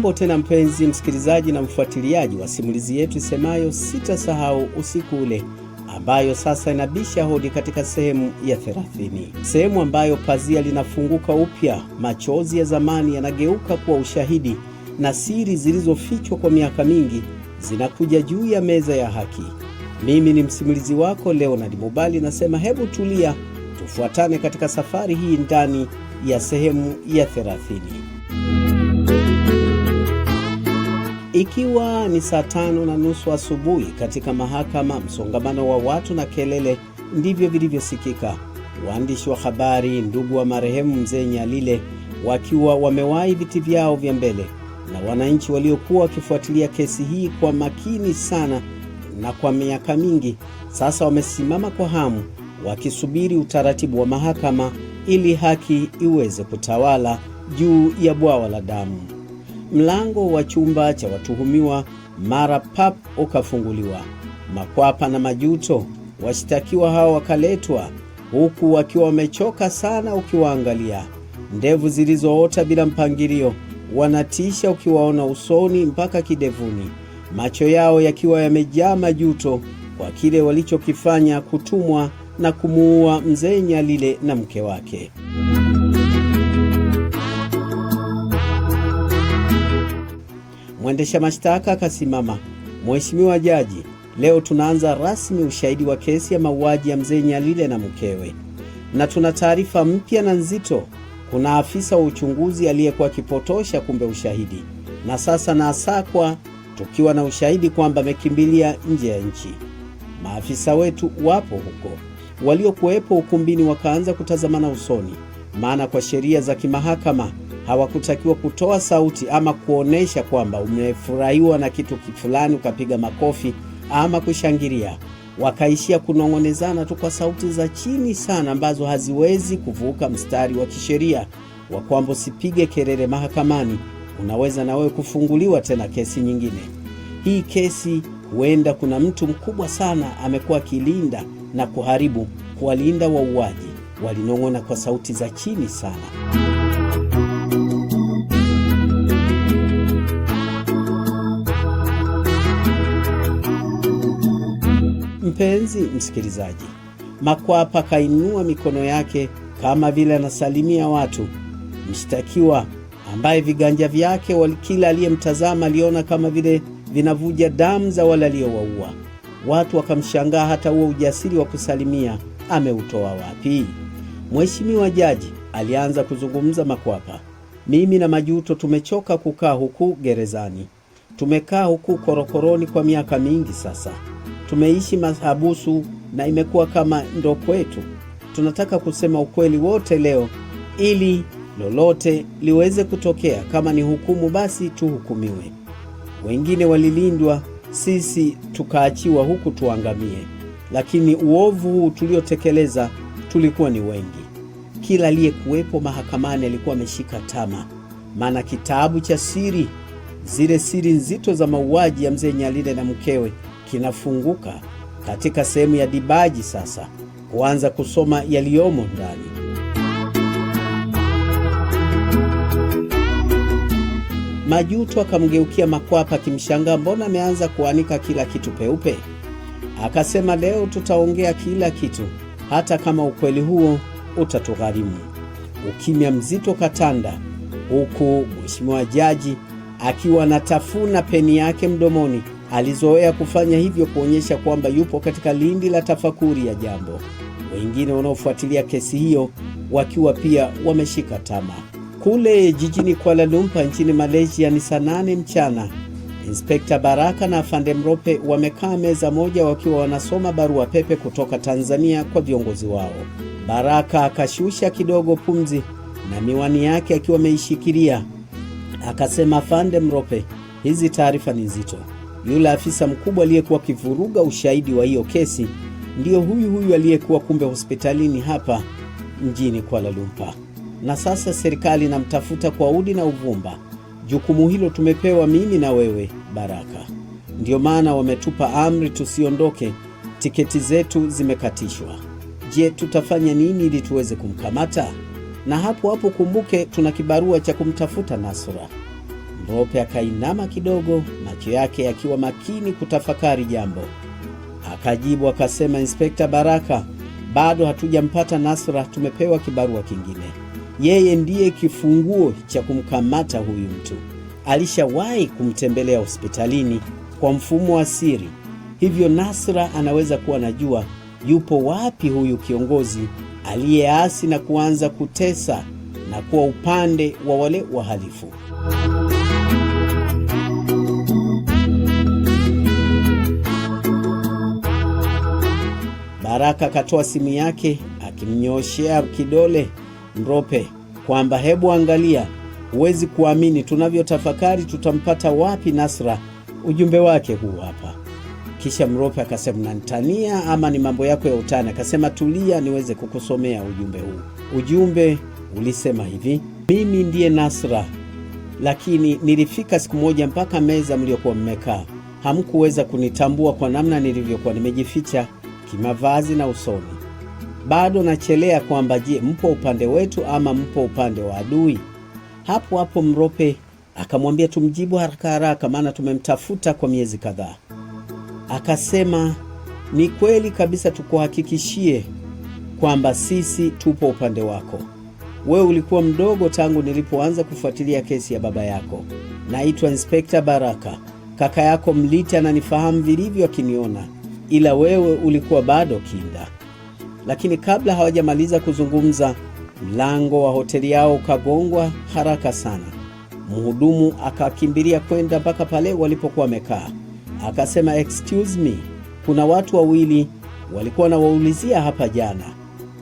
Hujambo tena mpenzi msikilizaji na mfuatiliaji wa simulizi yetu isemayo Sitasahau Usiku Ule, ambayo sasa inabisha hodi katika sehemu ya thelathini sehemu ambayo pazia linafunguka upya, machozi ya zamani yanageuka kuwa ushahidi na siri zilizofichwa kwa miaka mingi zinakuja juu ya meza ya haki. Mimi ni msimulizi wako Leonard Mubali, nasema hebu tulia, tufuatane katika safari hii ndani ya sehemu ya thelathini Ikiwa ni saa tano na nusu asubuhi katika mahakama, msongamano wa watu na kelele ndivyo vilivyosikika. Waandishi wa habari, ndugu wa marehemu mzee Nyalile, wakiwa wamewahi viti vyao vya mbele, na wananchi waliokuwa wakifuatilia kesi hii kwa makini sana na kwa miaka mingi sasa, wamesimama kwa hamu wakisubiri utaratibu wa mahakama ili haki iweze kutawala juu ya bwawa la damu mlango wa chumba cha watuhumiwa mara pap ukafunguliwa. Makwapa na majuto washtakiwa hao wakaletwa, huku wakiwa wamechoka sana. Ukiwaangalia ndevu zilizoota bila mpangilio, wanatisha ukiwaona usoni mpaka kidevuni, macho yao yakiwa yamejaa majuto kwa kile walichokifanya, kutumwa na kumuua mzee Nyalile na mke wake. Mwendesha mashtaka akasimama. Mheshimiwa Jaji, leo tunaanza rasmi ushahidi wa kesi ya mauaji ya mzee Nyalile na mkewe, na tuna taarifa mpya na nzito. Kuna afisa wa uchunguzi aliyekuwa akipotosha kumbe ushahidi, na sasa na asakwa tukiwa na ushahidi kwamba amekimbilia nje ya nchi. Maafisa wetu wapo huko, waliokuwepo ukumbini wakaanza kutazamana usoni, maana kwa sheria za kimahakama hawakutakiwa kutoa sauti ama kuonesha kwamba umefurahiwa na kitu fulani ukapiga makofi ama kushangilia. Wakaishia kunong'onezana tu kwa sauti za chini sana ambazo haziwezi kuvuka mstari wa kisheria wa kwamba usipige kelele mahakamani, unaweza na wewe kufunguliwa tena kesi nyingine. Hii kesi huenda kuna mtu mkubwa sana amekuwa akilinda na kuharibu kuwalinda wauaji, walinong'ona kwa sauti za chini sana. Mpenzi msikilizaji, Makwapa kainua mikono yake kama vile anasalimia watu. Mshtakiwa ambaye viganja vyake kila aliyemtazama aliona kama vile vinavuja damu za wale aliowaua. Watu wakamshangaa, hata huo ujasiri wa kusalimia ameutoa wapi? Mheshimiwa Jaji, alianza kuzungumza Makwapa, mimi na Majuto tumechoka kukaa huku gerezani, tumekaa huku korokoroni kwa miaka mingi sasa Tumeishi mahabusu na imekuwa kama ndo kwetu. Tunataka kusema ukweli wote leo ili lolote liweze kutokea. Kama ni hukumu, basi tuhukumiwe. Wengine walilindwa, sisi tukaachiwa huku tuangamie. Lakini uovu huu tuliotekeleza tulikuwa ni wengi. Kila aliyekuwepo mahakamani alikuwa ameshika tama, maana kitabu cha siri, zile siri nzito za mauaji ya mzee Nyalile na mkewe kinafunguka katika sehemu ya dibaji sasa, kuanza kusoma yaliyomo ndani. Majuto akamgeukia Makwapa akimshangaa, mbona ameanza kuanika kila kitu peupe? Akasema, leo tutaongea kila kitu, hata kama ukweli huo utatugharimu. Ukimya mzito katanda, huku mweshimiwa jaji akiwa anatafuna peni yake mdomoni alizoea kufanya hivyo kuonyesha kwamba yupo katika lindi la tafakuri ya jambo, wengine wanaofuatilia kesi hiyo wakiwa pia wameshika tama Kule jijini Kuala Lumpur nchini Malaysia ni saa nane mchana. Inspekta Baraka na Afande Mrope wamekaa meza moja wakiwa wanasoma barua pepe kutoka Tanzania kwa viongozi wao. Baraka akashusha kidogo pumzi na miwani yake akiwa ameishikilia, akasema, Afande Mrope, hizi taarifa ni nzito. Yule afisa mkubwa aliyekuwa akivuruga ushahidi wa hiyo kesi ndiyo huyu huyu aliyekuwa kumbe hospitalini hapa mjini Kuala Lumpur, na sasa serikali inamtafuta kwa udi na uvumba. Jukumu hilo tumepewa mimi na wewe Baraka, ndiyo maana wametupa amri tusiondoke. Tiketi zetu zimekatishwa. Je, tutafanya nini ili tuweze kumkamata? Na hapo hapo kumbuke, tuna kibarua cha kumtafuta Nasra. Mrope akainama kidogo na macho yake yakiwa makini kutafakari jambo. Akajibu akasema, Inspekta Baraka, bado hatujampata Nasra, tumepewa kibarua kingine. Yeye ndiye kifunguo cha kumkamata huyu mtu. Alishawahi kumtembelea hospitalini kwa mfumo wa siri, hivyo Nasra anaweza kuwa anajua yupo wapi huyu kiongozi aliyeasi na kuanza kutesa na kuwa upande wa wale wahalifu. haraka akatoa simu yake akimnyooshea kidole Mrope kwamba hebu angalia, huwezi kuamini tunavyotafakari, tutampata wapi Nasra? Ujumbe wake huu hapa. Kisha Mrope akasema, nanitania ama ni mambo yako ya utani? Akasema, tulia niweze kukusomea ujumbe huu. Ujumbe ulisema hivi: mimi ndiye Nasra, lakini nilifika siku moja mpaka meza mliokuwa mmekaa, hamkuweza kunitambua kwa namna nilivyokuwa nimejificha muziki, mavazi na usoni. Bado nachelea kwamba je, mpo upande wetu ama mpo upande wa adui? Hapo hapo Mrope akamwambia tumjibu haraka haraka, maana tumemtafuta kwa miezi kadhaa. Akasema ni kweli kabisa, tukuhakikishie kwamba sisi tupo upande wako. Wewe ulikuwa mdogo tangu nilipoanza kufuatilia kesi ya baba yako. Naitwa Inspekta Baraka, kaka yako Mlita ananifahamu vilivyo akiniona ila wewe ulikuwa bado kinda. Lakini kabla hawajamaliza kuzungumza, mlango wa hoteli yao ukagongwa haraka sana. Mhudumu akakimbilia kwenda mpaka pale walipokuwa wamekaa, akasema, excuse me, kuna watu wawili walikuwa wanawaulizia hapa jana,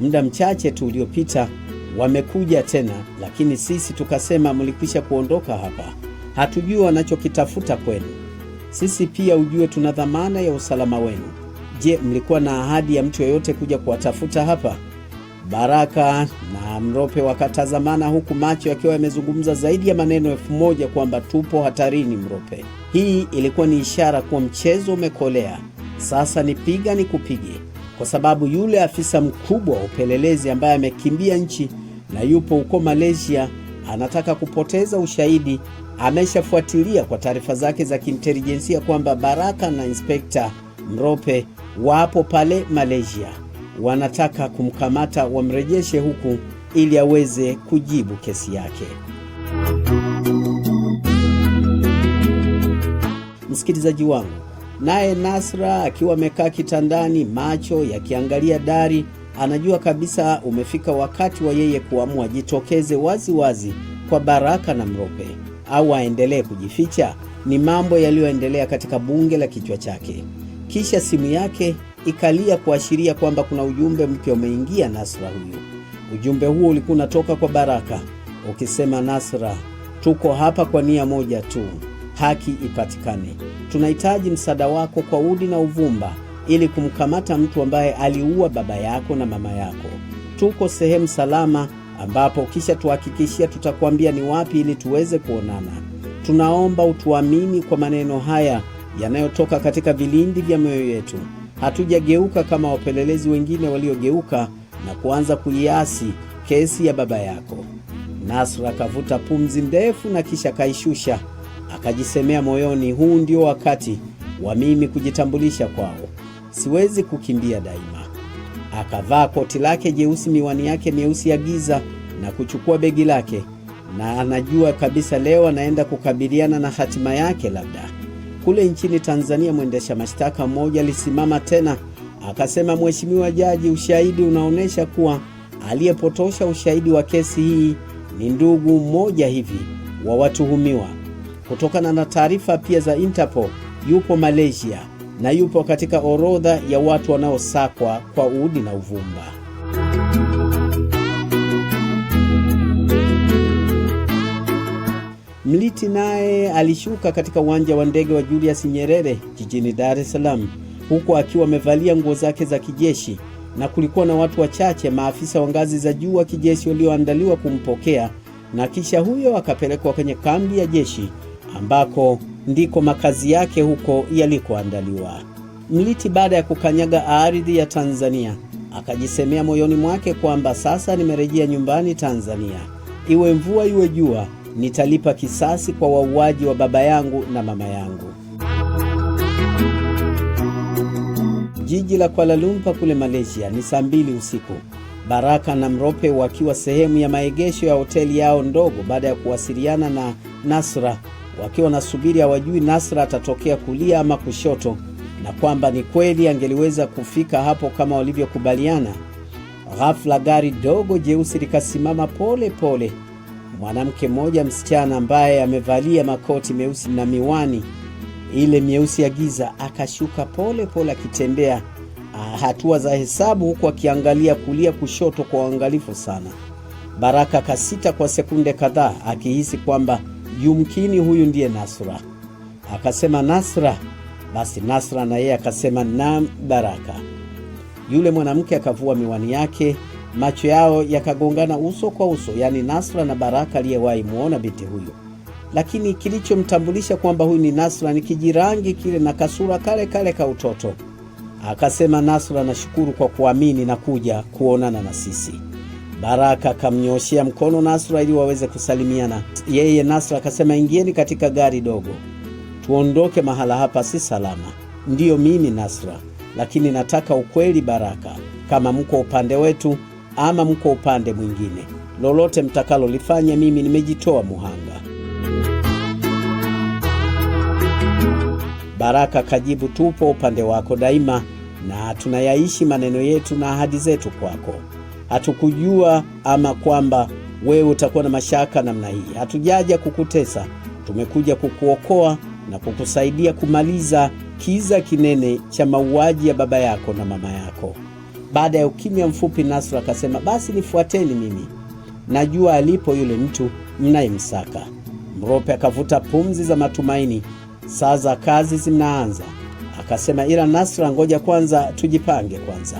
muda mchache tu uliopita wamekuja tena, lakini sisi tukasema mlikwisha kuondoka hapa, hatujui wanachokitafuta kwenu sisi pia ujue tuna dhamana ya usalama wenu. Je, mlikuwa na ahadi ya mtu yoyote kuja kuwatafuta hapa? Baraka na Mrope wakatazamana huku macho yakiwa yamezungumza zaidi ya maneno elfu moja kwamba tupo hatarini. Mrope, hii ilikuwa ni ishara kuwa mchezo umekolea. Sasa ni piga ni kupige, kwa sababu yule afisa mkubwa wa upelelezi ambaye amekimbia nchi na yupo huko Malaysia anataka kupoteza ushahidi, ameshafuatilia kwa taarifa zake za kiintelijensia kwamba Baraka na Inspekta Mrope wapo pale Malaysia, wanataka kumkamata wamrejeshe huku ili aweze kujibu kesi yake. Msikilizaji wangu, naye Nasra akiwa amekaa kitandani, macho yakiangalia dari anajua kabisa umefika wakati wa yeye kuamua, jitokeze wazi wazi kwa Baraka na Mrope au aendelee kujificha? Ni mambo yaliyoendelea katika bunge la kichwa chake. Kisha simu yake ikalia kuashiria kwamba kuna ujumbe mpya umeingia Nasra huyu. Ujumbe huo ulikuwa unatoka kwa Baraka ukisema, Nasra, tuko hapa kwa nia moja tu, haki ipatikane. Tunahitaji msaada wako kwa udi na uvumba ili kumkamata mtu ambaye aliua baba yako na mama yako. Tuko sehemu salama ambapo kisha tuhakikishia tutakuambia ni wapi ili tuweze kuonana. Tunaomba utuamini kwa maneno haya yanayotoka katika vilindi vya mioyo yetu. Hatujageuka kama wapelelezi wengine waliogeuka na kuanza kuiasi kesi ya baba yako. Nasra akavuta pumzi ndefu na kisha akaishusha, akajisemea moyoni, huu ndio wakati wa mimi kujitambulisha kwao siwezi kukimbia daima. Akavaa koti lake jeusi, miwani yake meusi ya giza na kuchukua begi lake, na anajua kabisa leo anaenda kukabiliana na hatima yake. Labda kule nchini Tanzania, mwendesha mashtaka mmoja alisimama tena akasema, Mheshimiwa Jaji, ushahidi unaonyesha kuwa aliyepotosha ushahidi wa kesi hii ni ndugu mmoja hivi wa watuhumiwa. Kutokana na taarifa pia za Interpol, yupo Malaysia na yupo katika orodha ya watu wanaosakwa kwa udi na uvumba. Mliti naye alishuka katika uwanja wa ndege wa Julius Nyerere jijini Dar es Salaam, huku akiwa amevalia nguo zake za kijeshi, na kulikuwa na watu wachache, maafisa wa ngazi za juu wa kijeshi walioandaliwa kumpokea, na kisha huyo akapelekwa kwenye kambi ya jeshi ambako ndiko makazi yake huko yalikoandaliwa. Mliti baada ya kukanyaga ardhi ya Tanzania akajisemea moyoni mwake kwamba sasa nimerejea nyumbani Tanzania, iwe mvua iwe jua, nitalipa kisasi kwa wauaji wa baba yangu na mama yangu. Jiji la Kuala Lumpur kule Malaysia ni saa mbili usiku. Baraka na Mrope wakiwa sehemu ya maegesho ya hoteli yao ndogo baada ya kuwasiliana na Nasra wakiwa wanasubiri, hawajui Nasra atatokea kulia ama kushoto, na kwamba ni kweli angeliweza kufika hapo kama walivyokubaliana. Ghafla gari dogo jeusi likasimama pole pole. Mwanamke mmoja msichana ambaye amevalia makoti meusi na miwani ile mieusi ya giza akashuka pole pole akitembea ah, hatua za hesabu, huku akiangalia kulia kushoto kwa uangalifu sana. Baraka kasita kwa sekunde kadhaa akihisi kwamba yumkini huyu ndiye Nasra. Akasema Nasra, basi Nasra na yeye akasema na Baraka. Yule mwanamke akavua miwani yake, macho yao yakagongana uso kwa uso, yaani Nasra na Baraka aliyewahi muona binti huyu. Lakini kilichomtambulisha kwamba huyu ni Nasra ni kijirangi kile na kasura kale kale ka utoto. Akasema Nasra, nashukuru kwa kuamini na kuja kuonana na sisi. Baraka akamnyoshea mkono Nasra ili waweze kusalimiana. Yeye Nasra akasema, ingieni katika gari dogo, tuondoke, mahala hapa si salama. Ndiyo mimi Nasra, lakini nataka ukweli Baraka, kama mko upande wetu ama mko upande mwingine, lolote mtakalolifanya, mimi nimejitoa muhanga. Baraka kajibu, tupo upande wako daima na tunayaishi maneno yetu na ahadi zetu kwako hatukujua ama kwamba wewe utakuwa na mashaka namna hii. Hatujaja kukutesa, tumekuja kukuokoa na kukusaidia kumaliza kiza kinene cha mauaji ya baba yako na mama yako. Baada ya ukimya mfupi, Nasra akasema, basi nifuateni mimi, najua alipo yule mtu mnayemsaka. Mrope akavuta pumzi za matumaini, saa za kazi zinaanza. Akasema, ila Nasra, ngoja kwanza tujipange kwanza.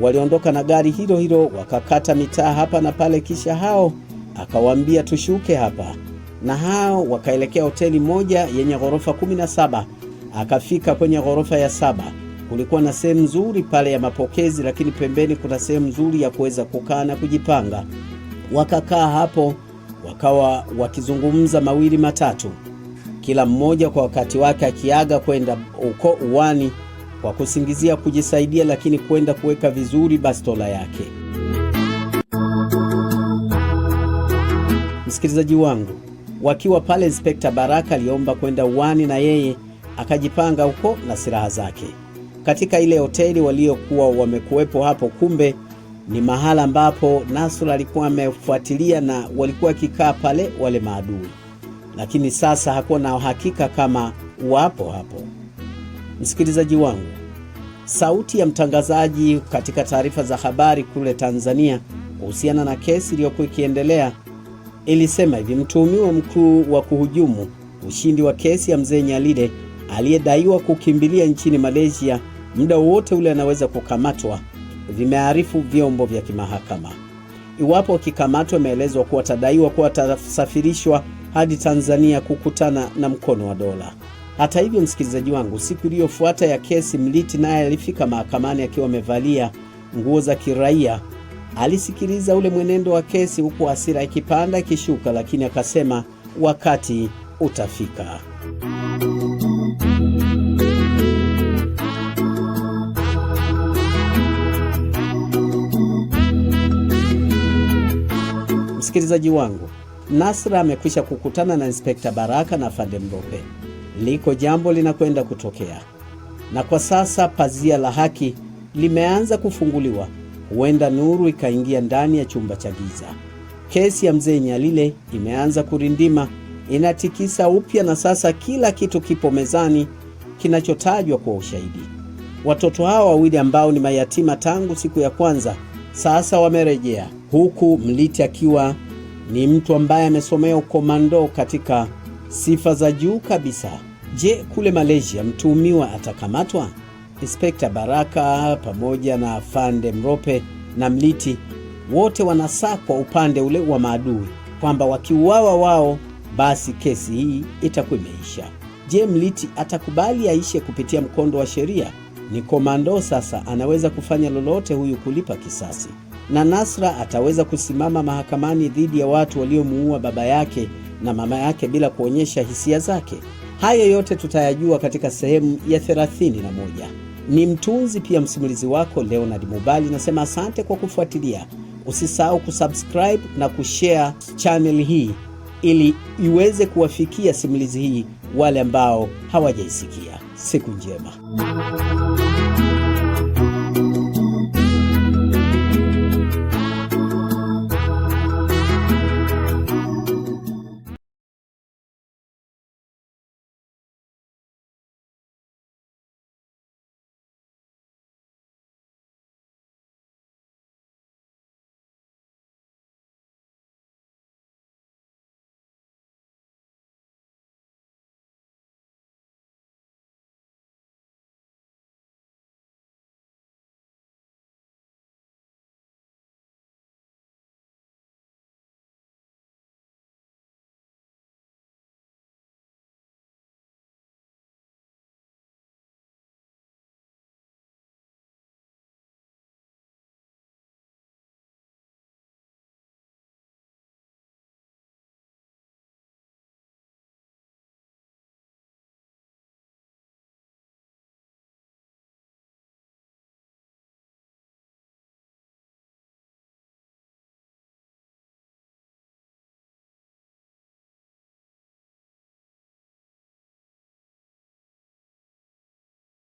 Waliondoka na gari hilo hilo wakakata mitaa hapa na pale, kisha hao akawaambia tushuke hapa, na hao wakaelekea hoteli moja yenye ghorofa 17. Akafika kwenye ghorofa ya saba. Kulikuwa na sehemu nzuri pale ya mapokezi, lakini pembeni kuna sehemu nzuri ya kuweza kukaa na kujipanga. Wakakaa hapo wakawa wakizungumza mawili matatu, kila mmoja kwa wakati wake, akiaga kwenda uko uwani kwa kusingizia kujisaidia, lakini kwenda kuweka vizuri bastola yake. Msikilizaji wangu, wakiwa pale, Inspekta Baraka aliomba kwenda uwani na yeye akajipanga huko na silaha zake katika ile hoteli waliokuwa wamekuwepo hapo. Kumbe ni mahala ambapo Nasr alikuwa amefuatilia na walikuwa wakikaa pale wale maadui, lakini sasa hakuwa na uhakika kama wapo hapo. Msikilizaji wangu, sauti ya mtangazaji katika taarifa za habari kule Tanzania kuhusiana na kesi iliyokuwa ikiendelea ilisema hivi: mtuhumiwa mkuu wa kuhujumu ushindi wa kesi ya mzee Nyalile aliyedaiwa kukimbilia nchini Malaysia muda wowote ule anaweza kukamatwa, vimearifu vyombo vya kimahakama. Iwapo akikamatwa, imeelezwa kuwa atadaiwa kuwa atasafirishwa hadi Tanzania kukutana na mkono wa dola. Hata hivyo, msikilizaji wangu, siku iliyofuata ya kesi, Mliti naye alifika mahakamani akiwa amevalia nguo za kiraia. Alisikiliza ule mwenendo wa kesi, huku hasira ikipanda ikishuka, lakini akasema wakati utafika. Msikilizaji wangu, Nasra amekwisha kukutana na Inspekta Baraka na Fande Mbope liko jambo linakwenda kutokea, na kwa sasa pazia la haki limeanza kufunguliwa. Huenda nuru ikaingia ndani ya chumba cha giza. Kesi ya mzee Nyalile imeanza kurindima, inatikisa upya, na sasa kila kitu kipo mezani kinachotajwa kwa ushahidi. Watoto hawa wawili ambao ni mayatima tangu siku ya kwanza sasa wamerejea, huku Mliti akiwa ni mtu ambaye amesomea ukomando katika sifa za juu kabisa. Je, kule Malaysia mtuhumiwa atakamatwa? Inspekta Baraka pamoja na fande Mrope na Mliti wote wanasakwa upande ule wa maadui kwamba wakiuawa wao basi kesi hii itakuwa imeisha. Je, Mliti atakubali aishe kupitia mkondo wa sheria? Ni komando sasa, anaweza kufanya lolote huyu kulipa kisasi, na Nasra ataweza kusimama mahakamani dhidi ya watu waliomuua baba yake na mama yake bila kuonyesha hisia zake. hayo yote tutayajua katika sehemu ya 31. Ni mtunzi pia msimulizi wako Leonard Mubali, nasema asante kwa kufuatilia. Usisahau kusubscribe na kushare channel hii ili iweze kuwafikia simulizi hii wale ambao hawajaisikia. Siku njema.